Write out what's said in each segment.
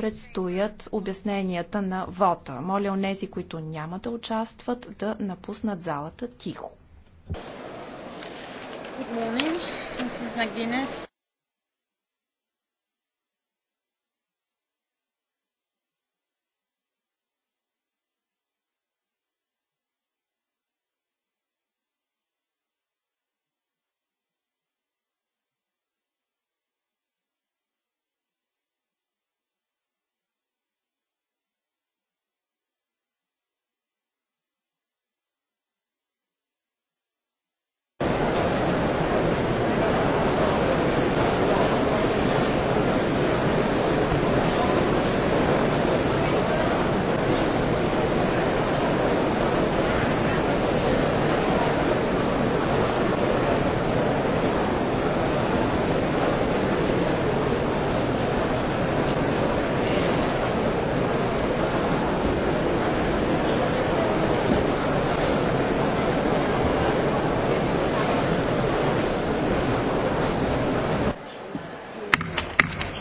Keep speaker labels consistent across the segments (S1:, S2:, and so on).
S1: предстоят обясненията на вота. Моля онези, които няма да участват, да напуснат залата тихо.
S2: Good morning. Mrs.
S3: McGuinness.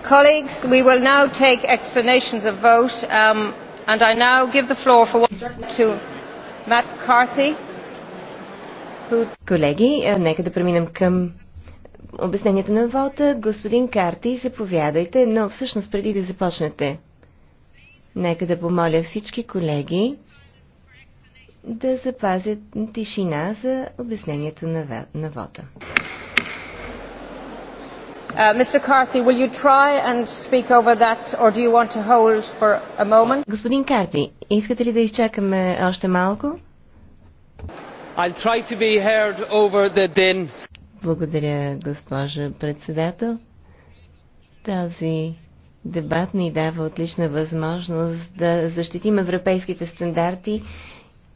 S2: colleagues we will
S1: now take explanations of vote um, and i now give the floor for one to matt carthy
S2: who... колеги е, нека да преминем към обясненията на вота господин карти заповядайте но всъщност преди да започнете нека да помоля всички колеги да запазят тишина за обяснението на, на вота. Господин Карти, искате ли да изчакаме още малко? Благодаря, госпожа председател. Този дебат ни дава отлична възможност да защитим европейските стандарти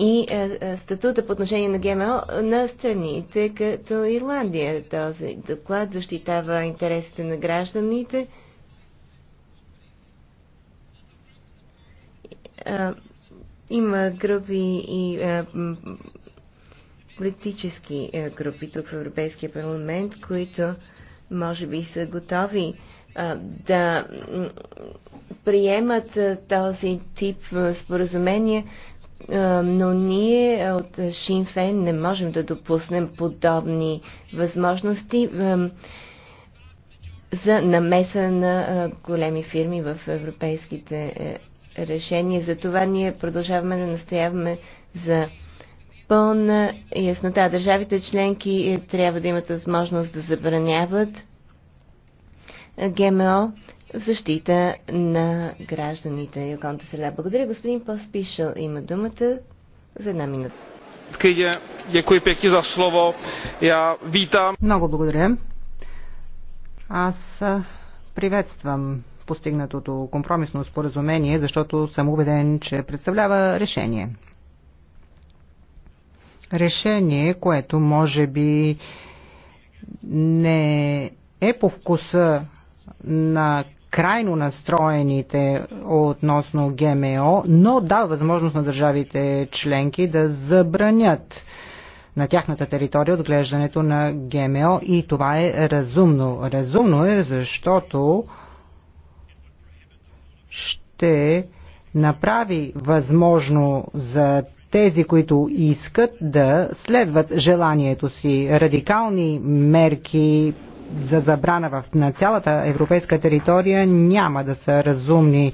S2: и е, е, статута по отношение на ГМО на страните като Ирландия. Този доклад защитава интересите на гражданите. Е, има групи и политически групи тук в Европейския парламент, които може би са готови да приемат този тип споразумения е, но ние от Шинфен не можем да допуснем подобни възможности е, за намеса на е, големи фирми в европейските решения. Затова ние продължаваме да настояваме за пълна яснота. Държавите членки трябва да имат възможност да забраняват ГМО в защита на гражданите и околната среда. Благодаря. Господин Поспишъл има думата
S3: за една минута. Много благодаря. Аз приветствам постигнатото компромисно споразумение, защото съм убеден, че представлява решение. Решение, което може би не е по вкуса на крайно настроените относно ГМО, но дава възможност на държавите членки да забранят на тяхната територия отглеждането на ГМО и това е разумно. Разумно е, защото ще направи възможно за тези, които искат да следват желанието си. Радикални мерки за забрана в, на цялата европейска територия няма да са разумни.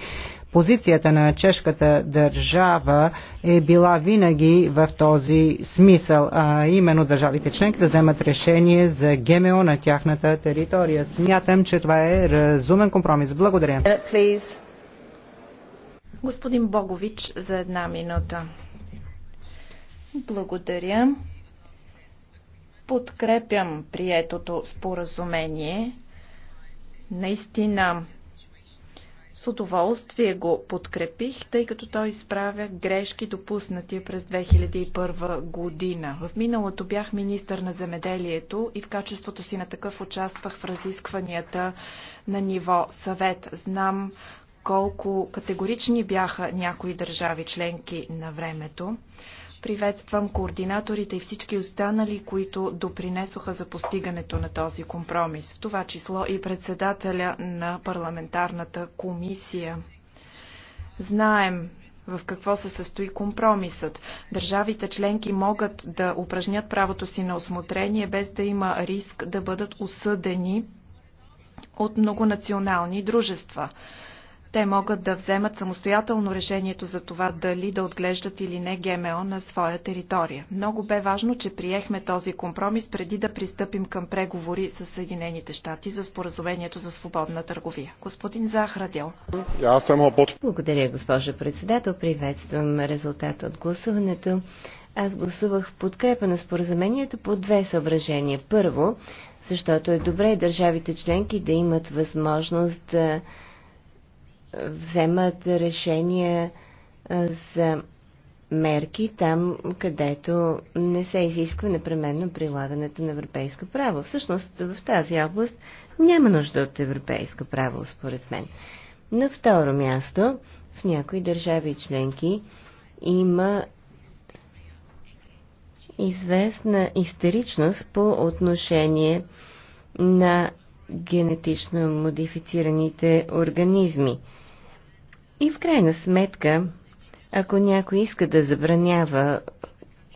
S3: Позицията на чешката държава е била винаги в този смисъл, а именно държавите членки да вземат решение за ГМО на тяхната територия. Смятам, че това е разумен компромис. Благодаря.
S1: Господин Богович за една минута. Благодаря. Подкрепям приетото споразумение. Наистина с удоволствие го подкрепих, тъй като той изправя грешки допуснати през 2001 година. В миналото бях министър на земеделието и в качеството си на такъв участвах в разискванията на ниво съвет. Знам колко категорични бяха някои държави членки на времето. Приветствам координаторите и всички останали, които допринесоха за постигането на този компромис, в това число и председателя на парламентарната комисия. Знаем в какво се състои компромисът. Държавите членки могат да упражнят правото си на осмотрение, без да има риск да бъдат осъдени от многонационални дружества. Те могат да вземат самостоятелно решението за това дали да отглеждат или не ГМО на своя територия. Много бе важно, че приехме този компромис преди да пристъпим към преговори с Съединените щати за споразумението за свободна търговия. Господин Захрадил.
S2: Благодаря, госпожа председател. Приветствам резултата от гласуването. Аз гласувах в подкрепа на споразумението по две съображения. Първо, защото е добре държавите членки да имат възможност да вземат решения за мерки там, където не се изисква непременно прилагането на европейско право. Всъщност в тази област няма нужда от европейско право, според мен. На второ място, в някои държави членки има известна истеричност по отношение на генетично модифицираните организми. И в крайна сметка, ако някой иска да забранява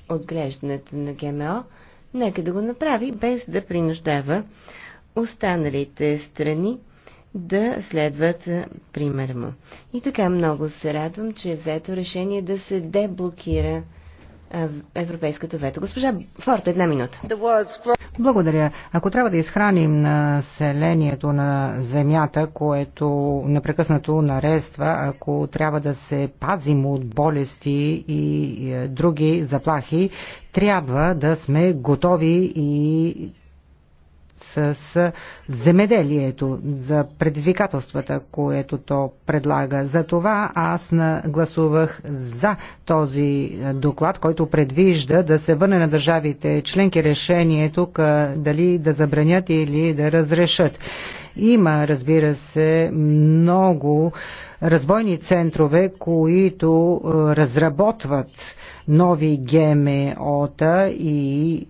S2: отглеждането на ГМО, нека да го направи без да принуждава останалите страни да следват пример му. И така много се радвам, че е взето решение да се деблокира е, европейското вето. Госпожа Форт, една минута.
S3: Благодаря. Ако трябва да изхраним населението на земята, което непрекъснато нарества, ако трябва да се пазим от болести и е, други заплахи, трябва да сме готови и с земеделието, за предизвикателствата, което то предлага. За това аз гласувах за този доклад, който предвижда да се върне на държавите членки решението дали да забранят или да разрешат. Има, разбира се, много развойни центрове, които разработват нови ГМО-та и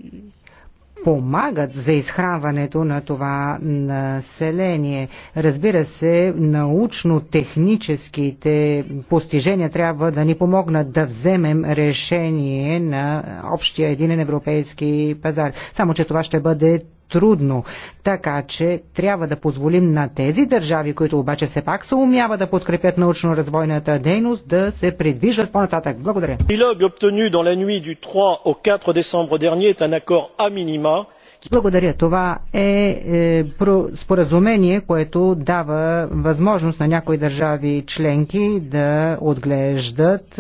S3: помагат за изхранването на това население. Разбира се, научно-техническите постижения трябва да ни помогнат да вземем решение на общия единен европейски пазар. Само, че това ще бъде трудно. Така че трябва да позволим на тези държави, които обаче все пак се умяват да подкрепят научно-развойната дейност, да се придвижат по-нататък. Благодаря. Благодаря. Това е, е про, споразумение, което дава възможност на някои държави членки да отглеждат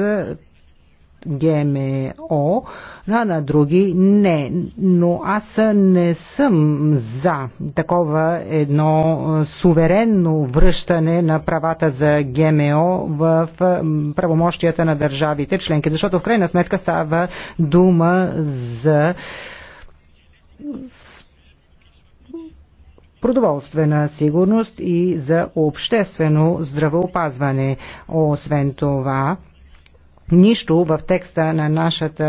S3: ГМО, а на други не. Но аз не съм за такова едно суверенно връщане на правата за ГМО в правомощията на държавите членки, защото в крайна сметка става дума за продоволствена сигурност и за обществено здравеопазване. Освен това, Нищо в текста на, нашата,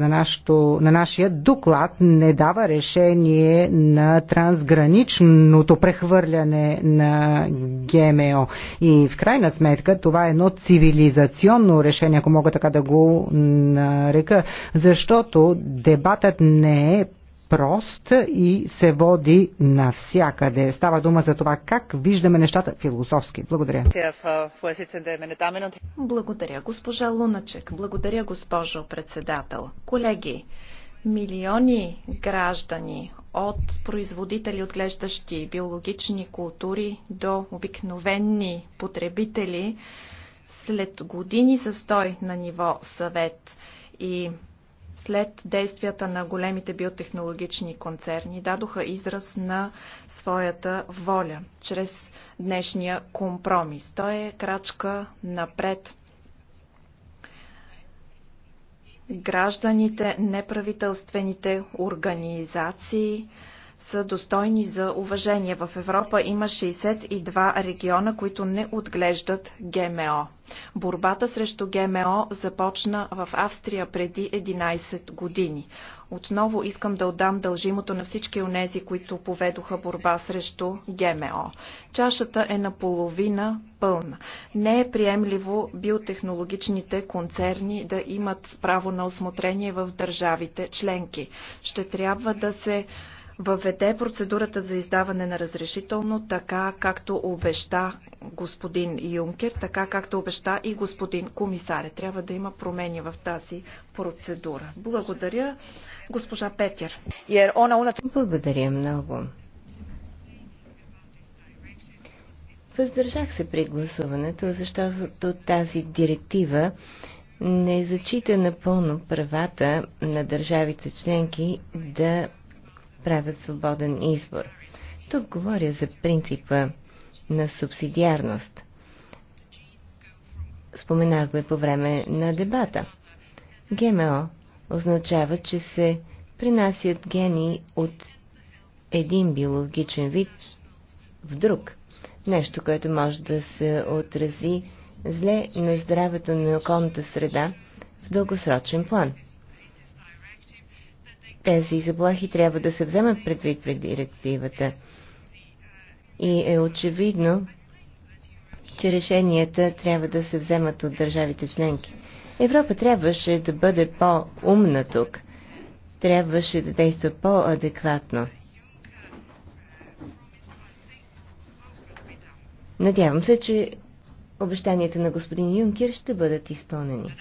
S3: на, нашото, на нашия доклад не дава решение на трансграничното прехвърляне на ГМО. И в крайна сметка това е едно цивилизационно решение, ако мога така да го нарека, защото дебатът не е прост и се води навсякъде. Става дума за това как виждаме нещата философски. Благодаря.
S1: Благодаря, госпожа Луначек. Благодаря, госпожо председател. Колеги, милиони граждани от производители, отглеждащи биологични култури до обикновенни потребители, след години застой на ниво съвет и след действията на големите биотехнологични концерни дадоха израз на своята воля чрез днешния компромис. Той е крачка напред. Гражданите, неправителствените организации, са достойни за уважение. В Европа има 62 региона, които не отглеждат ГМО. Борбата срещу ГМО започна в Австрия преди 11 години. Отново искам да отдам дължимото на всички онези, които поведоха борба срещу ГМО. Чашата е наполовина пълна. Не е приемливо биотехнологичните концерни да имат право на осмотрение в държавите членки. Ще трябва да се въведе процедурата за издаване на разрешително, така както обеща господин Юнкер, така както обеща и господин комисаре. Трябва да има промени в тази процедура. Благодаря, госпожа Петер.
S2: Благодаря много. Въздържах се при гласуването, защото тази директива не зачита напълно правата на държавите членки да правят свободен избор. Тук говоря за принципа на субсидиарност. Споменах го и по време на дебата. ГМО означава, че се принасят гени от един биологичен вид в друг. Нещо, което може да се отрази зле на здравето на околната среда в дългосрочен план. Тези заплахи трябва да се вземат предвид пред директивата. И е очевидно, че решенията трябва да се вземат от държавите членки. Европа трябваше да бъде по-умна тук. Трябваше да действа по-адекватно. Надявам се, че обещанията на господин Юнкер ще бъдат изпълнени.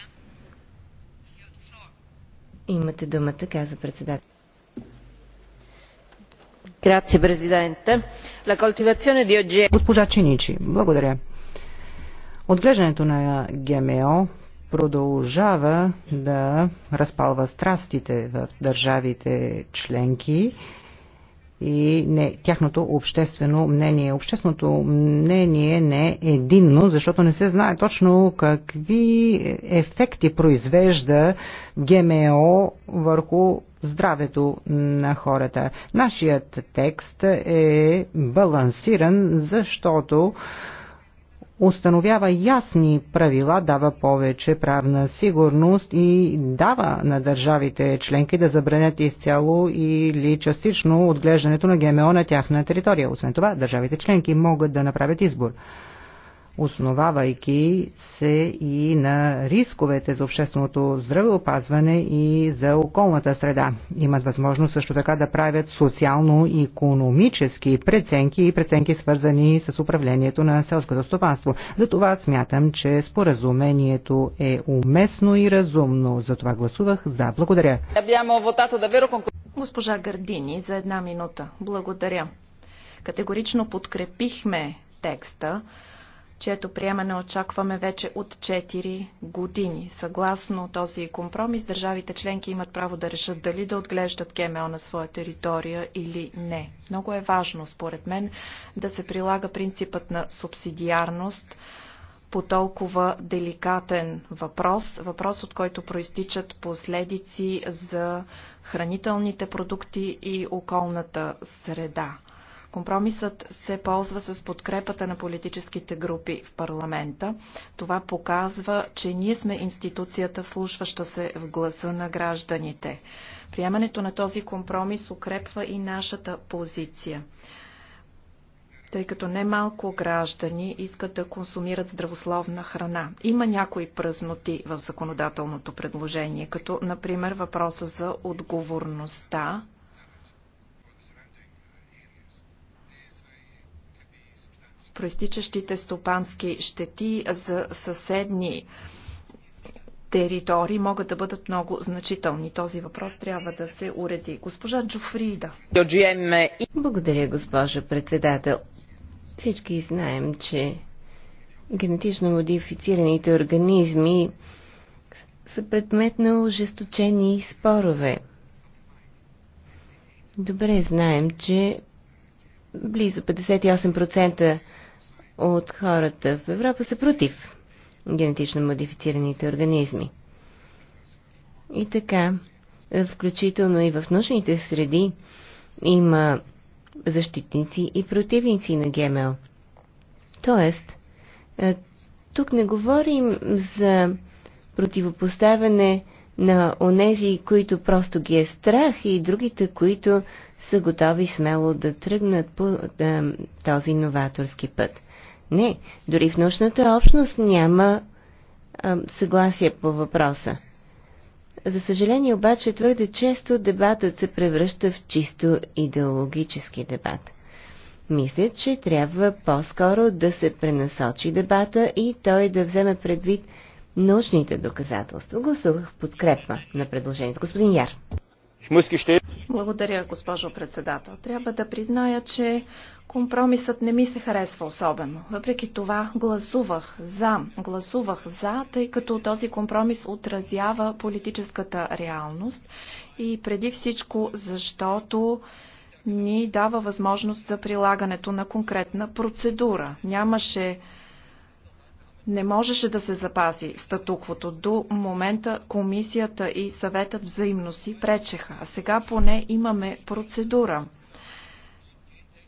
S2: Имате думата, каза председател.
S3: Госпожа Чиничи, благодаря. Отглеждането на ГМО продължава да разпалва страстите в държавите членки и не, тяхното обществено мнение. Общественото мнение не е единно, защото не се знае точно какви ефекти произвежда ГМО върху здравето на хората. Нашият текст е балансиран, защото установява ясни правила, дава повече правна сигурност и дава на държавите членки да забранят изцяло или частично отглеждането на ГМО на тяхна територия. Освен това, държавите членки могат да направят избор основавайки се и на рисковете за общественото здравеопазване и за околната среда. Имат възможност също така да правят социално-економически преценки и преценки свързани с управлението на селското стопанство. За това смятам, че споразумението е уместно и разумно. Затова гласувах за. Благодаря.
S1: Госпожа Гардини, за една минута. Благодаря. Категорично подкрепихме текста чието приемане очакваме вече от 4 години. Съгласно този компромис, държавите членки имат право да решат дали да отглеждат ГМО на своя територия или не. Много е важно, според мен, да се прилага принципът на субсидиарност по толкова деликатен въпрос, въпрос от който проистичат последици за хранителните продукти и околната среда. Компромисът се ползва с подкрепата на политическите групи в парламента. Това показва, че ние сме институцията, вслушваща се в гласа на гражданите. Приемането на този компромис укрепва и нашата позиция тъй като немалко граждани искат да консумират здравословна храна. Има някои празноти в законодателното предложение, като например въпроса за отговорността проистичащите стопански щети за съседни територии могат да бъдат много значителни. Този въпрос трябва да се уреди. Госпожа Джуфрида.
S2: Благодаря, госпожа председател. Всички знаем, че генетично модифицираните организми са предмет на ожесточени спорове. Добре знаем, че близо 58% от хората в Европа са против генетично модифицираните организми. И така, включително и в научните среди има защитници и противници на ГМО. Тоест, е, тук не говорим за противопоставяне на онези, които просто ги е страх и другите, които са готови смело да тръгнат по да, е, този новаторски път. Не, дори в научната общност няма а, съгласие по въпроса. За съжаление обаче твърде често дебатът се превръща в чисто идеологически дебат. Мисля, че трябва по-скоро да се пренасочи дебата и той да вземе предвид научните доказателства. Гласувах в подкрепа на предложението. Господин Яр.
S1: Благодаря, госпожо председател. Трябва да призная, че компромисът не ми се харесва особено. Въпреки това гласувах за. Гласувах за, тъй като този компромис отразява политическата реалност и преди всичко, защото ни дава възможност за прилагането на конкретна процедура. Нямаше не можеше да се запази статуквото. До момента комисията и съветът взаимно си пречеха, а сега поне имаме процедура.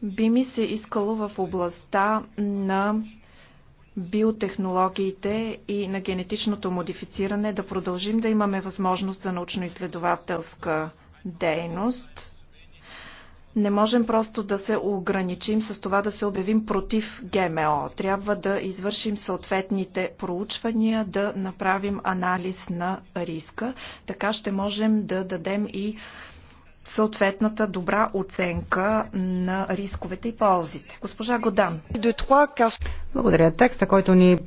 S1: Би ми се искало в областта на биотехнологиите и на генетичното модифициране да продължим да имаме възможност за научно-изследователска дейност. Не можем просто да се ограничим с това да се обявим против ГМО. Трябва да извършим съответните проучвания, да направим анализ на риска. Така ще можем да дадем и съответната добра оценка на рисковете и ползите. Госпожа Годан.
S3: Благодаря. Текста, който ни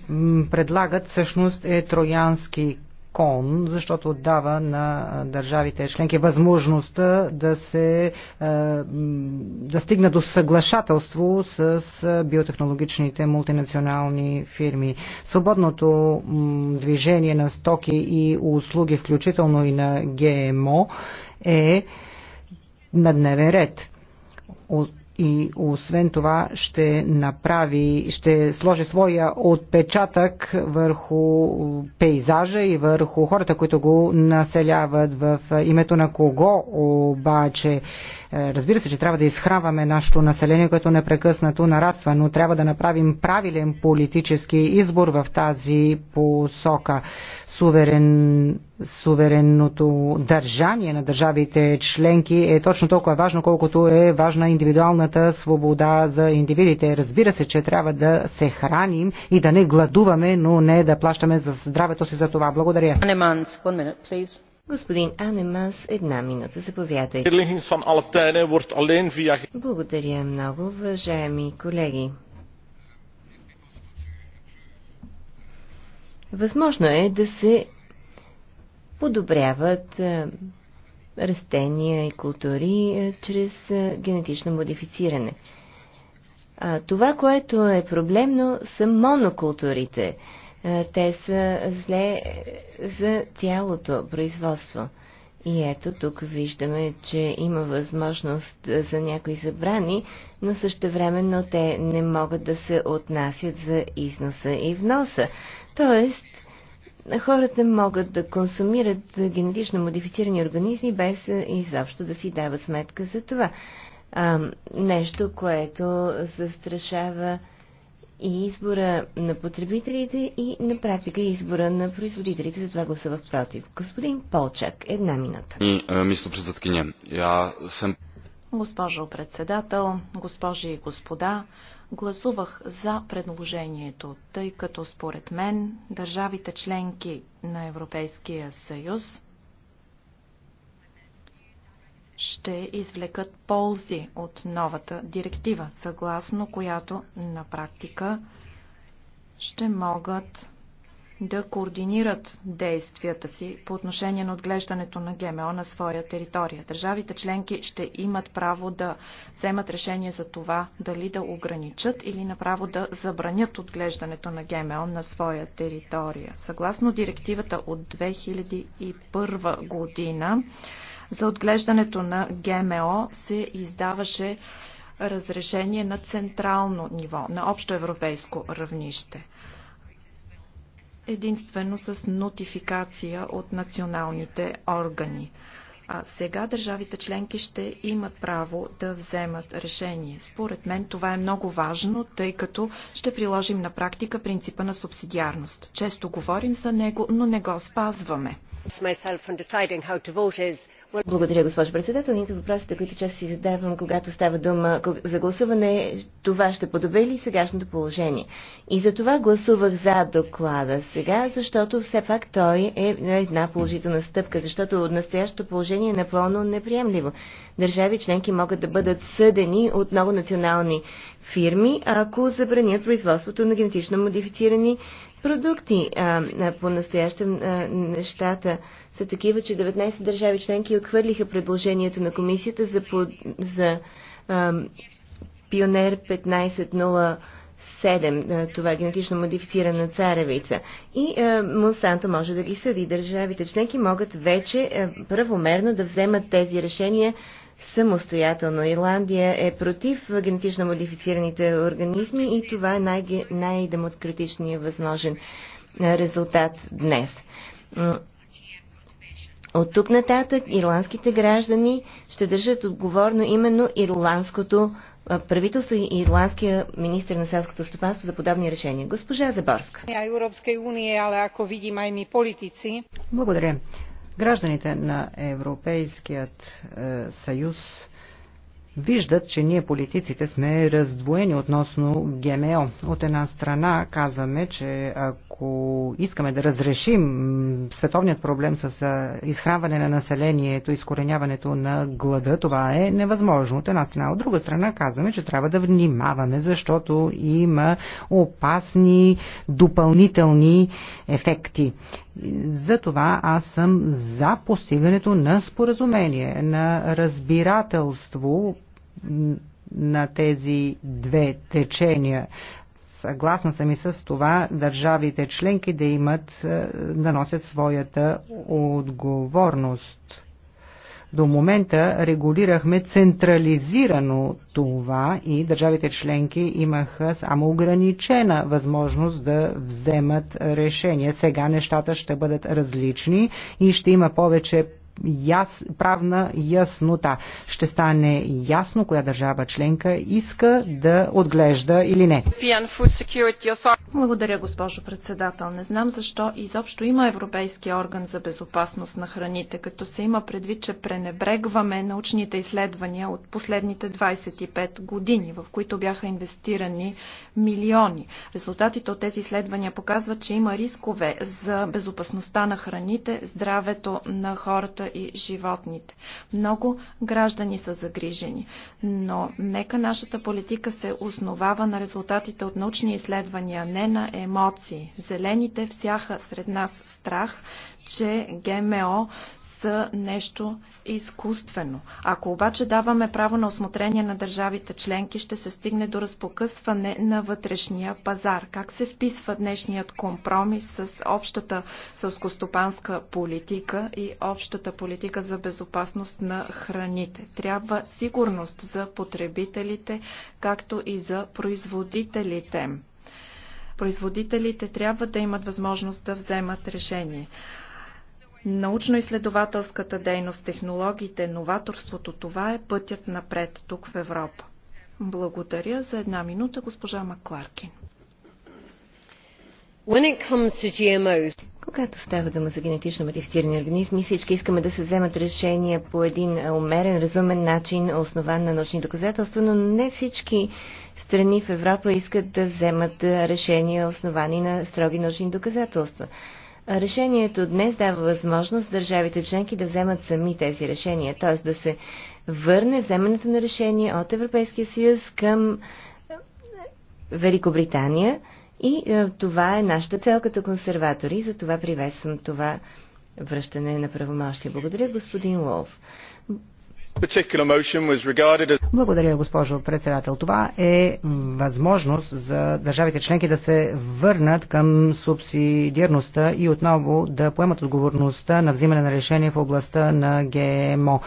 S3: предлагат, всъщност е троянски закон, защото дава на държавите членки възможността да се е, да стигна до съглашателство с биотехнологичните мултинационални фирми. Свободното движение на стоки и услуги, включително и на ГМО, е на дневен ред и освен това ще направи, ще сложи своя отпечатък върху пейзажа и върху хората, които го населяват в името на кого обаче. Е, разбира се, че трябва да изхранваме нашето население, което непрекъснато нараства, но трябва да направим правилен политически избор в тази посока суверен, суверенното държание на държавите членки е точно толкова важно, колкото е важна индивидуалната свобода за индивидите. Разбира се, че трябва да се храним и да не гладуваме, но не да плащаме за здравето си за това. Благодаря. Господин Анеманс, една минута, заповядайте.
S2: Благодаря много, уважаеми колеги. Възможно е да се подобряват е, растения и култури е, чрез е, генетично модифициране. това, което е проблемно, са монокултурите. те са зле за цялото производство. И ето тук виждаме, че има възможност за някои забрани, но същевременно те не могат да се отнасят за износа и вноса. Тоест, хората могат да консумират генетично модифицирани организми без изобщо да си дават сметка за това. А, нещо, което застрашава и избора на потребителите и на практика избора на производителите. Затова гласувах против. Господин Полчак, една минута.
S4: Мисля, председателя, я съм...
S2: Госпожо председател,
S1: госпожи и господа, Гласувах за предложението, тъй като според мен държавите членки на Европейския съюз ще извлекат ползи от новата директива, съгласно която на практика ще могат да координират действията си по отношение на отглеждането на ГМО на своя територия. Държавите членки ще имат право да вземат решение за това дали да ограничат или направо да забранят отглеждането на ГМО на своя територия. Съгласно директивата от 2001 година за отглеждането на ГМО се издаваше разрешение на централно ниво, на общо европейско равнище единствено с нотификация от националните органи. А сега държавите членки ще имат право да вземат решение. Според мен това е много важно, тъй като ще приложим на практика принципа на субсидиарност. Често говорим за него, но не го спазваме.
S2: Благодаря, госпожо председател. Нито въпросите, които често си задавам, когато става дума за гласуване, това ще подобри ли сегашното положение? И за това гласувах за доклада сега, защото все пак той е една положителна стъпка, защото настоящото положение е напълно неприемливо. Държави членки могат да бъдат съдени от много национални фирми, ако забранят производството на генетично модифицирани продукти. А, по-настоящем нещата са такива, че 19 държави членки отхвърлиха предложението на комисията за, по, за а, пионер 15.0 7, това е генетично модифицирана царевица. И е, Монсанто може да ги съди. Държавите членки могат вече е, правомерно да вземат тези решения самостоятелно. Ирландия е против генетично модифицираните организми и това е най- най-демократичният възможен резултат днес. От тук нататък ирландските граждани ще държат отговорно именно ирландското правителство и ирландския министр на селското стопанство за подобни решения. Госпожа Заборска.
S3: Ами Благодаря. Гражданите на Европейският е, съюз виждат, че ние политиците сме раздвоени относно ГМО. От една страна казваме, че ако искаме да разрешим световният проблем с изхранване на населението, изкореняването на глада, това е невъзможно. От една страна. От друга страна казваме, че трябва да внимаваме, защото има опасни допълнителни ефекти. Затова аз съм за постигането на споразумение, на разбирателство на тези две течения. Съгласна съм и с това държавите членки да имат, е, да носят своята отговорност. До момента регулирахме централизирано това и държавите членки имаха само ограничена възможност да вземат решение. Сега нещата ще бъдат различни и ще има повече яс, правна яснота. Ще стане ясно коя държава членка иска да отглежда или не.
S1: Благодаря, госпожо председател. Не знам защо изобщо има Европейски орган за безопасност на храните, като се има предвид, че пренебрегваме научните изследвания от последните 25 години, в които бяха инвестирани милиони. Резултатите от тези изследвания показват, че има рискове за безопасността на храните, здравето на хората са и животните. Много граждани са загрижени, но нека нашата политика се основава на резултатите от научни изследвания, не на емоции. Зелените всяха сред нас страх, че ГМО са нещо изкуствено. Ако обаче даваме право на осмотрение на държавите членки, ще се стигне до разпокъсване на вътрешния пазар. Как се вписва днешният компромис с общата сълскостопанска политика и общата политика за безопасност на храните? Трябва сигурност за потребителите, както и за производителите производителите трябва да имат възможност да вземат решение. Научно-изследователската дейност, технологиите, новаторството, това е пътят напред тук в Европа. Благодаря за една минута, госпожа Макларкин.
S4: GMOs...
S2: Когато става дума за генетично модифицирани организми, всички искаме да се вземат решения по един умерен, разумен начин, основан на научни доказателства, но не всички страни в Европа искат да вземат решения, основани на строги научни доказателства. Решението днес дава възможност държавите членки да вземат сами тези решения, т.е. да се върне вземането на решение от Европейския съюз към Великобритания и е, това е нашата цел като консерватори, за това приветствам това връщане на правомощия. Благодаря, господин Уолф.
S3: Благодаря, госпожо председател. Това е възможност за държавите членки да се върнат към субсидиарността и отново да поемат отговорността на взимане на решение в областта на ГМО.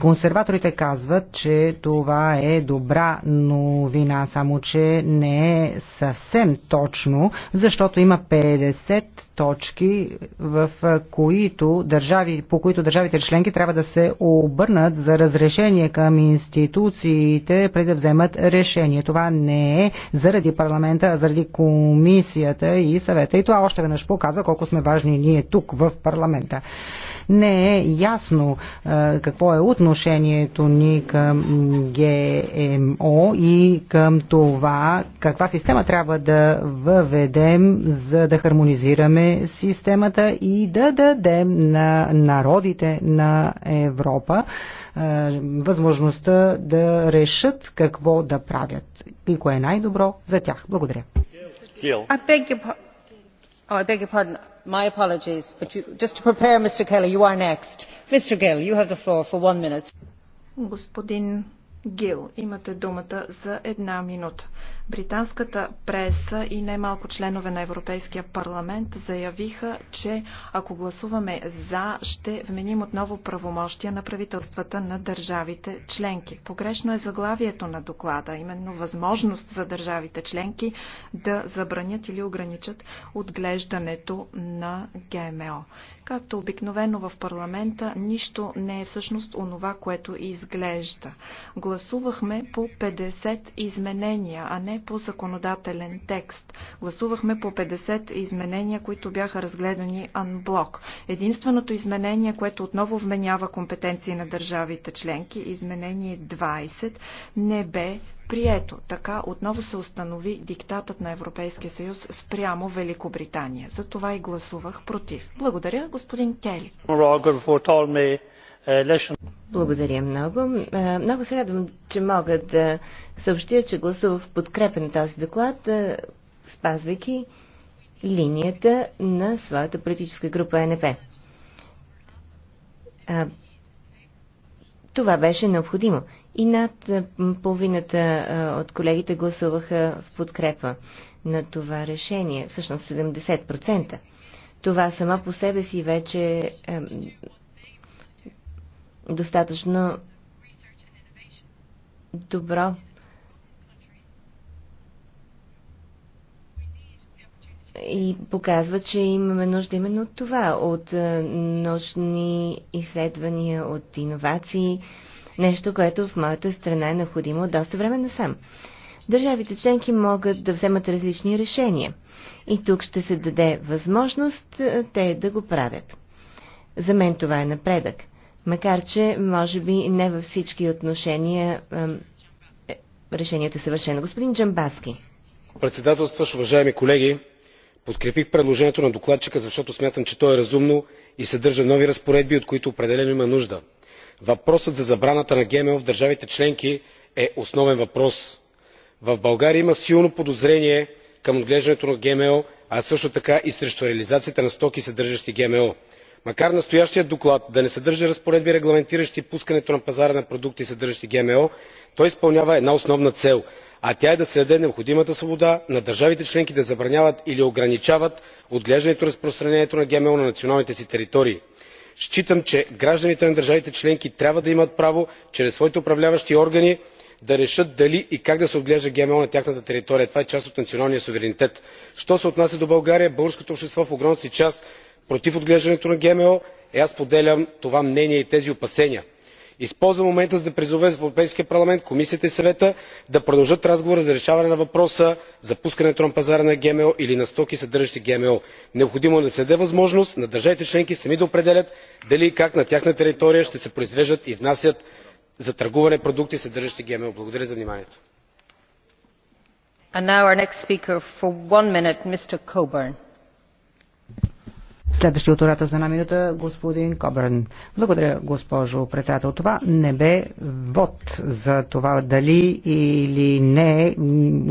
S3: Консерваторите казват, че това е добра новина, само че не е съвсем точно, защото има 50 точки, в които държави, по които държавите членки трябва да се обърнат за разрешение към институциите, преди да вземат решение. Това не е заради парламента, а заради комисията и съвета. И това още веднъж показва колко сме важни ние тук в парламента не е ясно какво е отношението ни към ГМО и към това каква система трябва да въведем, за да хармонизираме системата и да дадем на народите на Европа възможността да решат какво да правят и кое е най-добро за тях. Благодаря. I beg your i beg your pardon my apologies but just to prepare mr kelly you are next. mr gill you have the floor for one minute.
S1: господин гил имате думата за една минута. Британската преса и немалко членове на Европейския парламент заявиха, че ако гласуваме за, ще вменим отново правомощия на правителствата на държавите членки. Погрешно е заглавието на доклада, именно възможност за държавите членки да забранят или ограничат отглеждането на ГМО. Както обикновено в парламента, нищо не е всъщност онова, което изглежда. Гласувахме по 50 изменения, а не по законодателен текст. Гласувахме по 50 изменения, които бяха разгледани анблок. Единственото изменение, което отново вменява компетенции на държавите членки, изменение 20, не бе прието. Така отново се установи диктатът на Европейския съюз спрямо Великобритания. За това и гласувах против. Благодаря, господин Кели.
S2: Е, Благодаря много. Е, много се радвам, че мога да съобщя, че гласувах в подкрепа на този доклад, е, спазвайки линията на своята политическа група НП. Това беше необходимо. И над половината от колегите гласуваха в подкрепа на това решение, всъщност 70%. Това само по себе си вече достатъчно добро. И показва, че имаме нужда именно от това, от е, научни изследвания, от иновации, нещо, което в моята страна е необходимо от доста време насам. Държавите членки могат да вземат различни решения. И тук ще се даде възможност е, те да го правят. За мен това е напредък. Макар, че може би не във всички отношения е, решението е съвършено. Господин Джамбаски.
S4: Председателстваш, уважаеми колеги, подкрепих предложението на докладчика, защото смятам, че то е разумно и съдържа нови разпоредби, от които определено има нужда. Въпросът за забраната на ГМО в държавите членки е основен въпрос. В България има силно подозрение към отглеждането на ГМО, а също така и срещу реализацията на стоки, съдържащи ГМО макар настоящият доклад да не съдържа разпоредби регламентиращи пускането на пазара на продукти съдържащи гмо той изпълнява една основна цел а тя е да се даде необходимата свобода на държавите членки да забраняват или ограничават отглеждането и разпространението на гмо на националните си територии. считам че гражданите на държавите членки трябва да имат право чрез своите управляващи органи да решат дали и как да се отглежда гмо на тяхната територия. това е част от националния суверенитет. що се отнася до българя българското общество в огромната си част против отглеждането на гмо и е, аз споделям това мнение и тези опасения. използвам момента за да призова европейския парламент комисията и съвета да продължат разговора за решаване на въпроса за пускането на пазара на гмо или на стоки съдържащи гмо. необходимо е да се даде възможност на държавите членки сами да определят дали и как на тяхна територия ще се произвеждат и внасят за търгуване продукти съдържащи гмо. благодаря за вниманието
S3: от ората за една минута, господин Кобърн. Благодаря, госпожо председател. Това не бе вод за това дали или не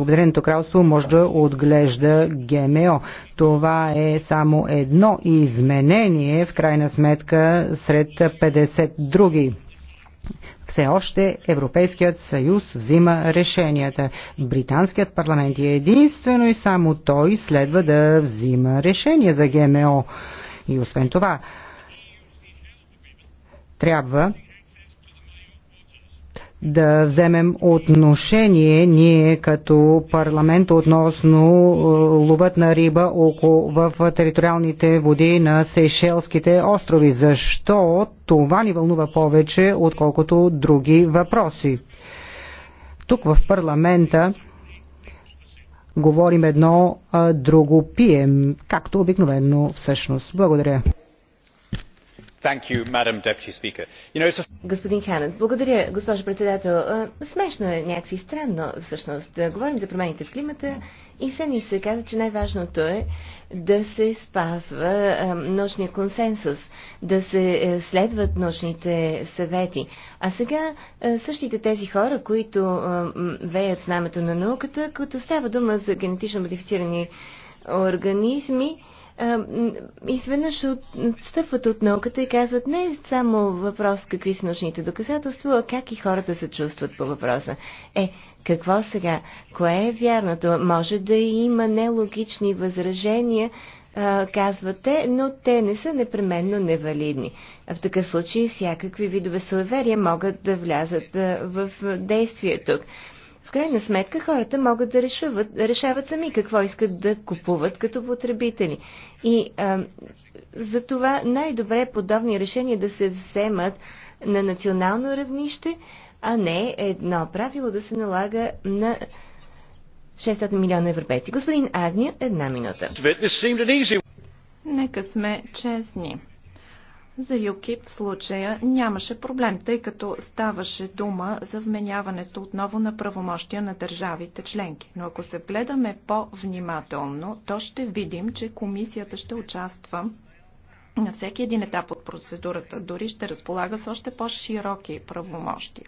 S3: Обединеното кралство може да отглежда ГМО. Това е само едно изменение, в крайна сметка, сред 50 други. Все още Европейският съюз взима решенията. Британският парламент е единствено и само той следва да взима решения за ГМО. И освен това, трябва да вземем отношение ние като парламент относно е, ловът на риба около, в териториалните води на Сейшелските острови. Защо това ни вълнува повече, отколкото други въпроси? Тук в парламента говорим едно, а друго пием, както обикновено всъщност. Благодаря.
S2: Господин Ханан, благодаря, госпожо председател. Смешно е, някакси странно всъщност. Говорим за промените в климата и все ни се казва, че най-важното е да се спазва научния консенсус, да се е, следват научните съвети. А сега същите тези хора, които веят знамето на науката, като става дума за генетично модифицирани организми, изведнъж отстъпват от науката и казват не е само въпрос какви са научните доказателства, а как и хората се чувстват по въпроса. Е, какво сега? Кое е вярното? Може да има нелогични възражения, казвате, но те не са непременно невалидни. В такъв случай всякакви видове суеверия могат да влязат в действие тук. В крайна сметка хората могат да решават, решават сами какво искат да купуват като потребители. И а, за това най-добре е подобни решения да се вземат на национално равнище, а не едно правило да се налага на 600 милиона европейци. Господин Агния, една минута.
S1: Нека сме честни. За ЮКИП в случая нямаше проблем, тъй като ставаше дума за вменяването отново на правомощия на държавите членки. Но ако се гледаме по-внимателно, то ще видим, че комисията ще участва на всеки един етап от процедурата, дори ще разполага с още по-широки правомощия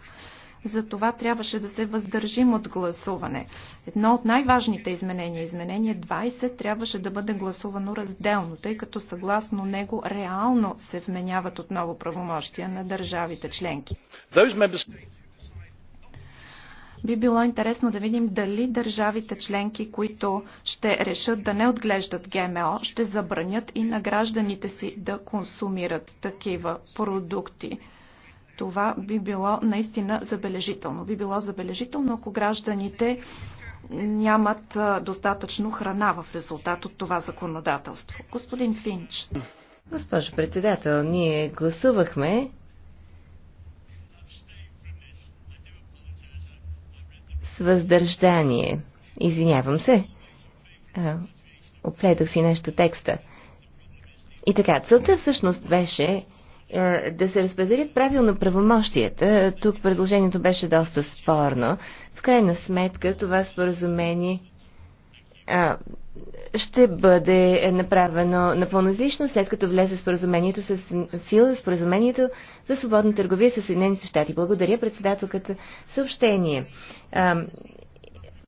S1: за това трябваше да се въздържим от гласуване. Едно от най-важните изменения, изменение 20, трябваше да бъде гласувано разделно, тъй като съгласно него реално се вменяват отново правомощия на държавите членки. Би било интересно да видим дали държавите членки, които ще решат да не отглеждат ГМО, ще забранят и на гражданите си да консумират такива продукти. Това би било наистина забележително. Би било забележително, ако гражданите нямат достатъчно храна в резултат от това законодателство. Господин Финч.
S2: Госпожо председател, ние гласувахме с въздържание. Извинявам се. А, си нещо текста. И така, целта всъщност беше е, да се разпределят правилно правомощията. Тук предложението беше доста спорно. В крайна сметка това споразумение ще бъде направено напълно излишно, след като влезе споразумението с сила, споразумението за свободна търговия с Съединените щати. Благодаря председателката съобщение.